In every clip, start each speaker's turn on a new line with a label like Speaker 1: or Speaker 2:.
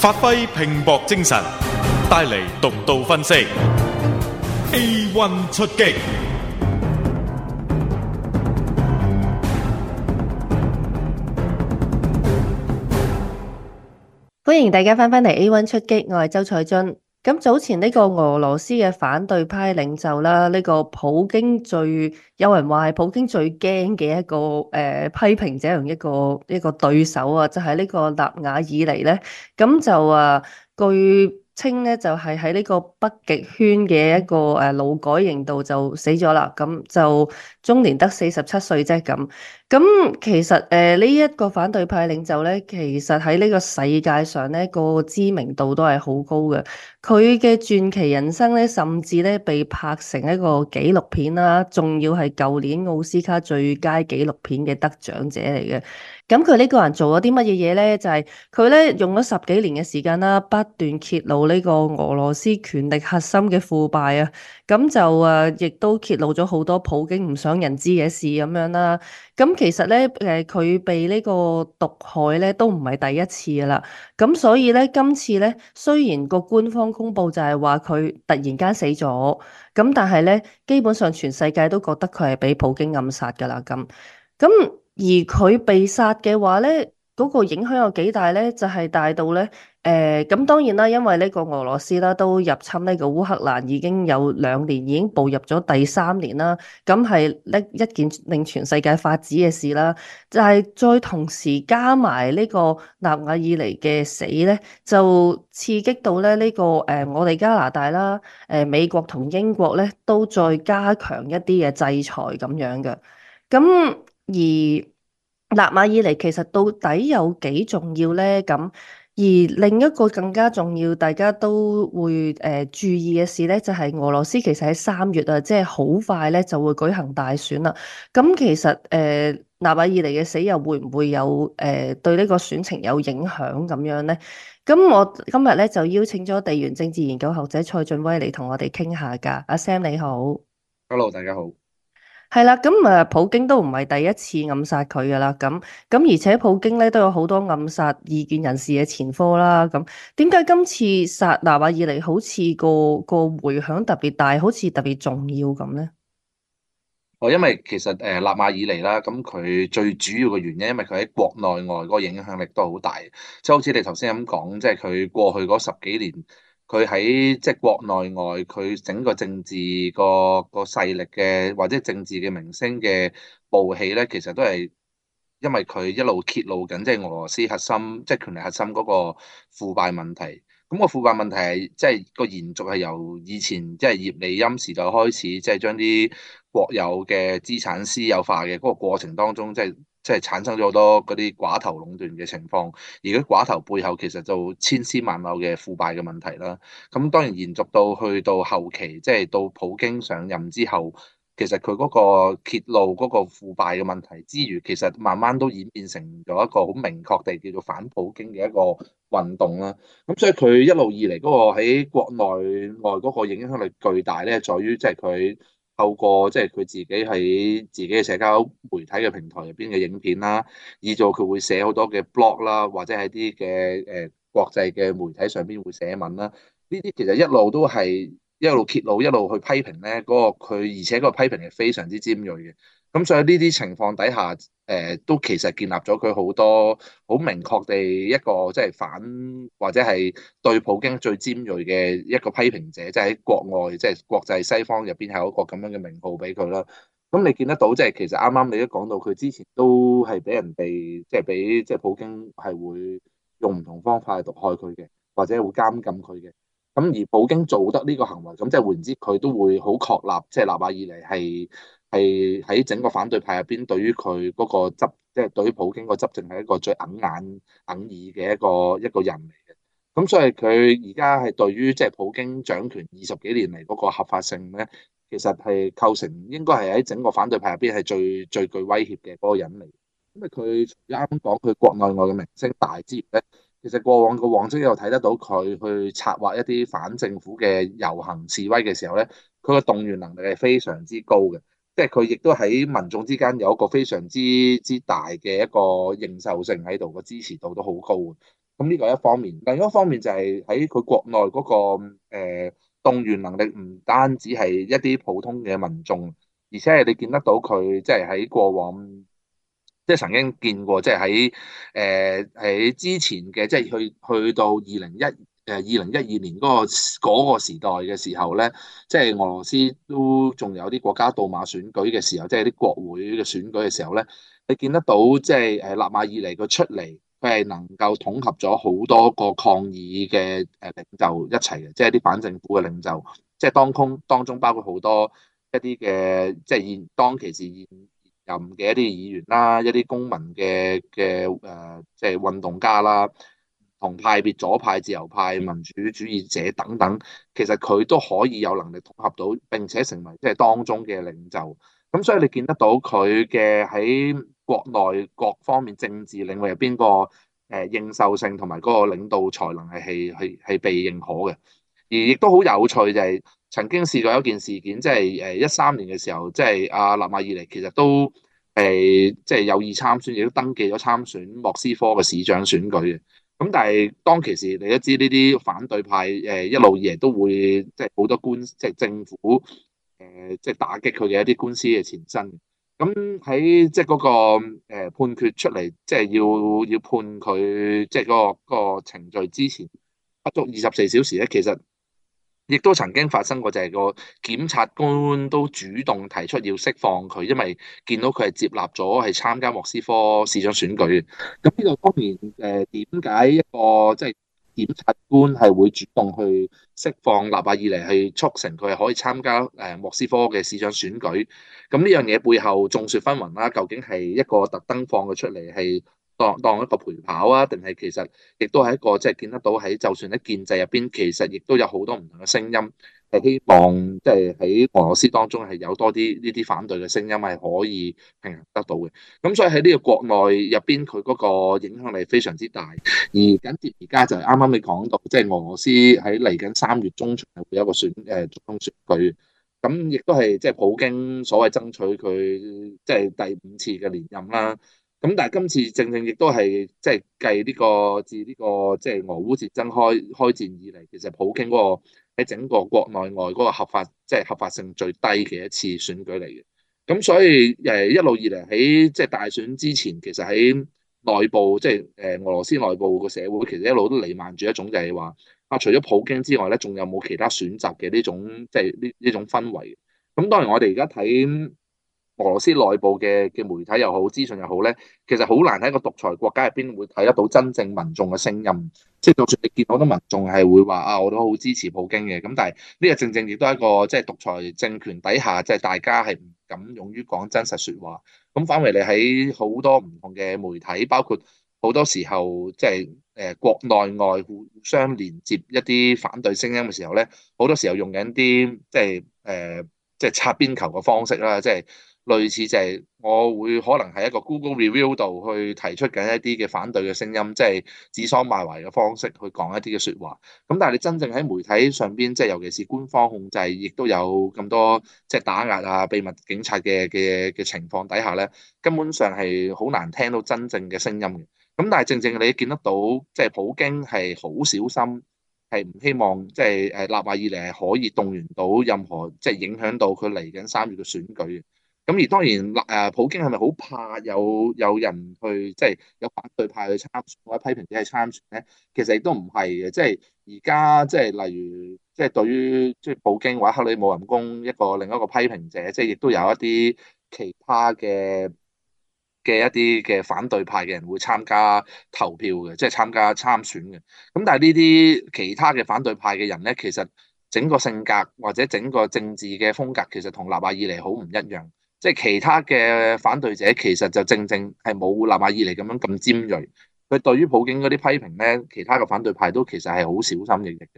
Speaker 1: 發揮拼搏精神，帶嚟獨到分析。A one 出擊，
Speaker 2: 歡迎大家翻返嚟 A one 出擊，我係周采蓁。咁早前呢個俄羅斯嘅反對派領袖啦，呢、這個普京最有人話係普京最驚嘅一個誒、呃、批評者，一個一個對手啊，就係、是、呢個納瓦爾尼咧。咁就啊，據。稱咧就係喺呢個北極圈嘅一個誒勞改營度就死咗啦，咁就終年得四十七歲啫咁。咁其實誒呢一個反對派領袖咧，其實喺呢個世界上咧、那個知名度都係好高嘅。佢嘅傳奇人生咧，甚至咧被拍成一個紀錄片啦，仲要係舊年奧斯卡最佳紀錄片嘅得獎者嚟嘅。咁佢呢個人做咗啲乜嘢嘢咧？就係佢咧用咗十幾年嘅時間啦，不斷揭露呢個俄羅斯權力核心嘅腐敗啊！咁就亦、啊、都揭露咗好多普京唔想人知嘅事咁樣啦，啊。咁其實咧，佢被呢個毒害咧都唔係第一次啦。咁所以咧，今次咧雖然個官方公佈就係話佢突然間死咗，咁但係咧基本上全世界都覺得佢係俾普京暗殺㗎啦。咁。而佢被殺嘅話咧，嗰、那個影響有幾大咧？就係、是、大到咧，誒、呃、咁當然啦，因為呢個俄羅斯啦，都入侵呢個烏克蘭已經有兩年，已經步入咗第三年啦。咁係呢一件令全世界發指嘅事啦。就係再同時加埋呢個納瓦爾尼嘅死咧，就刺激到咧、這、呢個誒、呃、我哋加拿大啦、誒、呃、美國同英國咧，都再加強一啲嘅制裁咁樣嘅。咁而納瓦爾尼其實到底有幾重要呢？咁而另一個更加重要，大家都會誒、呃、注意嘅事呢，就係、是、俄羅斯其實喺三月啊，即係好快呢就會舉行大選啦。咁、嗯、其實誒、呃、納瓦爾尼嘅死又會唔會有誒、呃、對呢個選情有影響咁樣呢？咁、嗯、我今日呢就邀請咗地緣政治研究學者蔡俊威嚟同我哋傾下㗎。阿 Sam 你好
Speaker 1: ，Hello，大家好。
Speaker 2: 係啦，咁誒，普京都唔係第一次暗殺佢噶啦，咁咁而且普京咧都有好多暗殺意見人士嘅前科啦，咁點解今次殺納瓦爾尼好似個個回響特別大，好似特別重要咁咧？
Speaker 1: 哦，因為其實誒，納瓦爾尼啦，咁佢最主要嘅原因，因為佢喺國內外嗰個影響力都好大，即係好似你頭先咁講，即係佢過去嗰十幾年。佢喺即係國內外，佢整個政治個個勢力嘅或者政治嘅明星嘅暴起咧，其實都係因為佢一路揭露緊即係俄羅斯核心即係權力核心嗰個腐敗問題，咁個腐敗問題，係即係個延續係由以前即係葉利欽時代開始，即係將啲國有嘅資產私有化嘅嗰個過程當中，即係。即係產生咗好多嗰啲寡頭壟斷嘅情況，而嗰寡頭背後其實就千絲萬縷嘅腐敗嘅問題啦。咁當然延續到去到後期，即係到普京上任之後，其實佢嗰個揭露嗰個腐敗嘅問題之餘，其實慢慢都演變成咗一個好明確地叫做反普京嘅一個運動啦。咁所以佢一路以嚟嗰個喺國內外嗰個影響力巨大咧，在於即係佢。透過即係佢自己喺自己嘅社交媒體嘅平台入邊嘅影片啦，以做佢會寫好多嘅 blog 啦，或者喺啲嘅誒國際嘅媒體上邊會寫文啦。呢啲其實一路都係一路揭露，一路去批評咧、那、嗰個佢，而且嗰個批評係非常之尖鋭嘅。咁所以呢啲情況底下，誒、呃、都其實建立咗佢好多好明確地一個即係反或者係對普京最尖銳嘅一個批評者，即係喺國外即係、就是、國際西方入邊係有一個咁樣嘅名號俾佢啦。咁你見得到即係其實啱啱你都講到佢之前都係俾人哋即係俾即係普京係會用唔同方法去毒害佢嘅，或者會監禁佢嘅。咁而普京做得呢個行為，咁即係換言之佢都會好確立，即係納瓦以嚟係。係喺整個反對派入邊，對於佢嗰個執，即係、就是、對於普京個執政係一個最哽眼哽耳嘅一個一個人嚟嘅。咁所以佢而家係對於即係普京掌權二十幾年嚟嗰個合法性咧，其實係構成應該係喺整個反對派入邊係最最具威脅嘅嗰個人嚟。因為佢啱講佢國內外嘅名聲大之餘咧，其實過往嘅往績又睇得到佢去策劃一啲反政府嘅遊行示威嘅時候咧，佢個動員能力係非常之高嘅。即係佢亦都喺民眾之間有一個非常之之大嘅一個認受性喺度，個支持度都好高嘅。咁呢個係一方面，另一方面就係喺佢國內嗰個誒動員能力，唔單止係一啲普通嘅民眾，而且你見得到佢即係喺過往，即係曾經見過，即係喺誒喺之前嘅，即係去去到二零一。誒二零一二年嗰個嗰個時代嘅時候咧，即係俄羅斯都仲有啲國家杜馬選舉嘅時候，即係啲國會嘅選舉嘅時候咧，你見得到即係誒納瓦爾尼佢出嚟，佢係能夠統合咗好多個抗議嘅誒領袖一齊嘅，即係啲反政府嘅領袖，即係當空當中包括好多一啲嘅即係現當其時現任嘅一啲議員啦，一啲公民嘅嘅誒即係運動家啦。同派別左派、自由派、民主主義者等等，其實佢都可以有能力統合到，並且成為即係當中嘅領袖。咁所以你見得到佢嘅喺國內各方面政治領域入邊個誒認受性同埋嗰個領導才能係係係被認可嘅。而亦都好有趣就係曾經試過一件事件，即係誒一三年嘅時候，即係阿納瓦爾尼其實都誒即係有意參選，亦都登記咗參選莫斯科嘅市長選舉嘅。咁但係當其時，你都知呢啲反對派誒一路以嚟都會即係好多官司即係政府誒即係打擊佢嘅一啲官司嘅前身。咁喺即係嗰個判決出嚟，即係要要判佢即係個嗰個程序之前不足二十四小時咧，其實。亦都曾經發生過，就係個檢察官都主動提出要釋放佢，因為見到佢係接納咗係參加莫斯科市長選舉。咁呢個當然誒點解一個即係、就是、檢察官係會主動去釋放納瓦爾尼，去促成佢係可以參加誒莫斯科嘅市長選舉？咁呢樣嘢背後眾說紛紜啦，究竟係一個特登放佢出嚟係？當當一個陪跑啊，定係其實亦都係一個即係見得到喺就算喺建制入邊，其實亦都有好多唔同嘅聲音係希望即係喺俄羅斯當中係有多啲呢啲反對嘅聲音係可以平衡得到嘅。咁所以喺呢個國內入邊，佢嗰個影響力非常之大。而緊接而家就係啱啱你講到，即係俄羅斯喺嚟緊三月中旬會有一個選誒總統選舉，咁亦都係即係普京所謂爭取佢即係第五次嘅連任啦。咁但係今次正正亦都係即係繼呢個自呢個即係俄烏戰爭開開戰以嚟，其實普京嗰個喺整個國內外嗰個合法即係、即係、合法性最低嘅一次選舉嚟嘅。咁所以誒一路以嚟喺即係大選之前，其實喺內部即係誒俄羅斯內部個社會，其實一路都瀰漫住一種就係話啊，除咗普京之外咧，仲有冇其他選擇嘅呢種即係呢呢種氛圍。咁當然我哋而家睇，俄羅斯內部嘅嘅媒體又好，資訊又好咧，其實好難喺一個獨裁國家入邊會睇得到真正民眾嘅聲音。即係就算你見到啲民眾係會話啊，我都好支持普京嘅。咁但係呢個正正亦都係一個即係獨裁政權底下，即係大家係唔敢勇於講真實説話。咁反為你喺好多唔同嘅媒體，包括好多時候即係誒國內外互相連接一啲反對聲音嘅時候咧，好多時候用緊啲即係誒即係擦邊球嘅方式啦，即係。類似就係我會可能係一個 Google Review 度去提出緊一啲嘅反對嘅聲音，即係指桑罵槐嘅方式去講一啲嘅説話。咁但係你真正喺媒體上邊，即係尤其是官方控制，亦都有咁多即係打壓啊、秘密警察嘅嘅嘅情況底下咧，根本上係好難聽到真正嘅聲音嘅。咁但係正正你見得到，即係普京係好小心，係唔希望即係誒立馬以嚟係可以動員到任何即係影響到佢嚟緊三月嘅選舉。咁而當然，誒普京係咪好怕有有人去即係、就是、有反對派去參選或者批評者去參選咧？其實亦都唔係嘅，即係而家即係例如即係、就是、對於即係普京或者克里姆林宮一個另一個批評者，即係亦都有一啲其他嘅嘅一啲嘅反對派嘅人會參加投票嘅，即、就、係、是、參加參選嘅。咁但係呢啲其他嘅反對派嘅人咧，其實整個性格或者整個政治嘅風格其實同納瓦爾尼好唔一樣。即係其他嘅反對者，其實就正正係冇納瓦爾尼咁樣咁尖鋭。佢對於普京嗰啲批評咧，其他嘅反對派都其實係好小心翼翼嘅。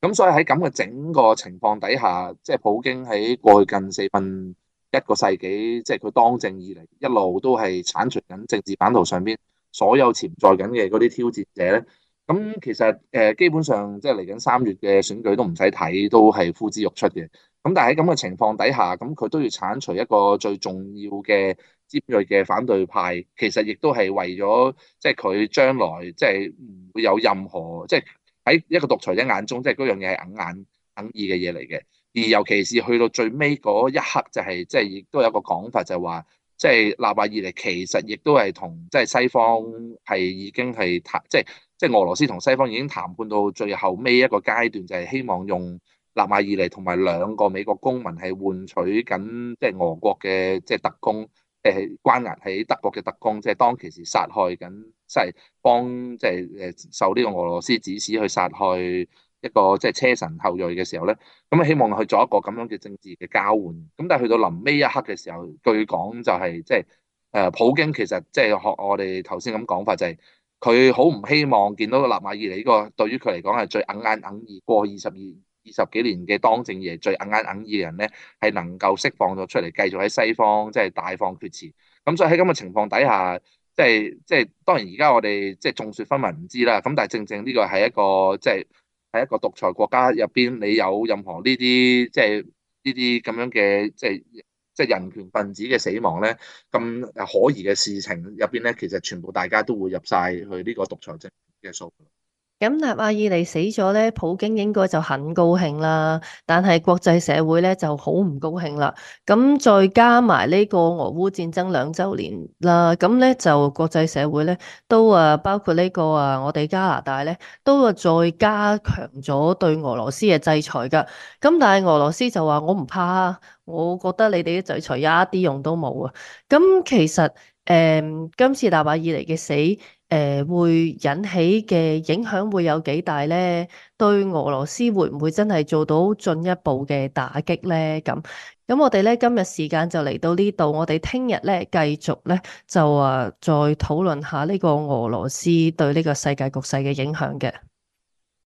Speaker 1: 咁所以喺咁嘅整個情況底下，即係普京喺過去近四分一個世紀，即係佢當政以嚟一路都係鏟除緊政治版圖上邊所有潛在緊嘅嗰啲挑戰者咧。咁其實誒基本上即係嚟緊三月嘅選舉都唔使睇，都係呼之欲出嘅。咁但係喺咁嘅情況底下，咁佢都要剷除一個最重要嘅尖銳嘅反對派，其實亦都係為咗即係佢將來即係唔會有任何即係喺一個獨裁者眼中，即係嗰樣嘢係硬硬硬意嘅嘢嚟嘅。而尤其是去到最尾嗰一刻，就是，就係即係亦都有個講法就係話，即係納瓦爾尼，其實亦都係同即係西方係已經係即係。就是即係俄羅斯同西方已經談判到最後尾一個階段，就係希望用納瓦爾尼同埋兩個美國公民係換取緊即係俄國嘅即係特工，誒，關押喺德國嘅特工，即係當其時殺害緊，即係幫即係誒受呢個俄羅斯指使去殺害一個即係車臣後裔嘅時候咧，咁啊希望去做一個咁樣嘅政治嘅交換。咁但係去到臨尾一刻嘅時候，據講就係即係誒普京其實即係學我哋頭先咁講法就係。佢好唔希望見到個納瓦爾尼，呢個對於佢嚟講係最硬眼硬耳，過去二十二二十幾年嘅當政爺最硬眼硬耳嘅人咧，係能夠釋放咗出嚟，繼續喺西方即係、就是、大放厥詞。咁所以喺咁嘅情況底下，即係即係當然而家我哋即係眾說紛紜唔知啦。咁但係正正呢個係一個即係係一個獨裁國家入邊，你有任何呢啲即係呢啲咁樣嘅即係。就是即係人權分子嘅死亡咧，咁可疑嘅事情入邊咧，其實全部大家都會入晒去呢個獨裁政府嘅數。
Speaker 2: 咁納瓦爾尼死咗咧，普京應該就很高興啦，但係國際社會咧就好唔高興啦。咁再加埋呢個俄烏戰爭兩周年啦，咁咧就國際社會咧都啊包括呢個啊我哋加拿大咧都啊再加強咗對俄羅斯嘅制裁㗎。咁但係俄羅斯就話我唔怕，啊，我覺得你哋啲制裁有一啲用都冇啊。咁其實誒、嗯、今次納瓦爾尼嘅死。誒、呃，會引起嘅影響會有幾大呢？對俄羅斯會唔會真係做到進一步嘅打擊呢？咁咁，我哋咧今日時間就嚟到呢度，我哋聽日咧繼續咧就啊再討論下呢個俄羅斯對呢個世界局勢嘅影響嘅。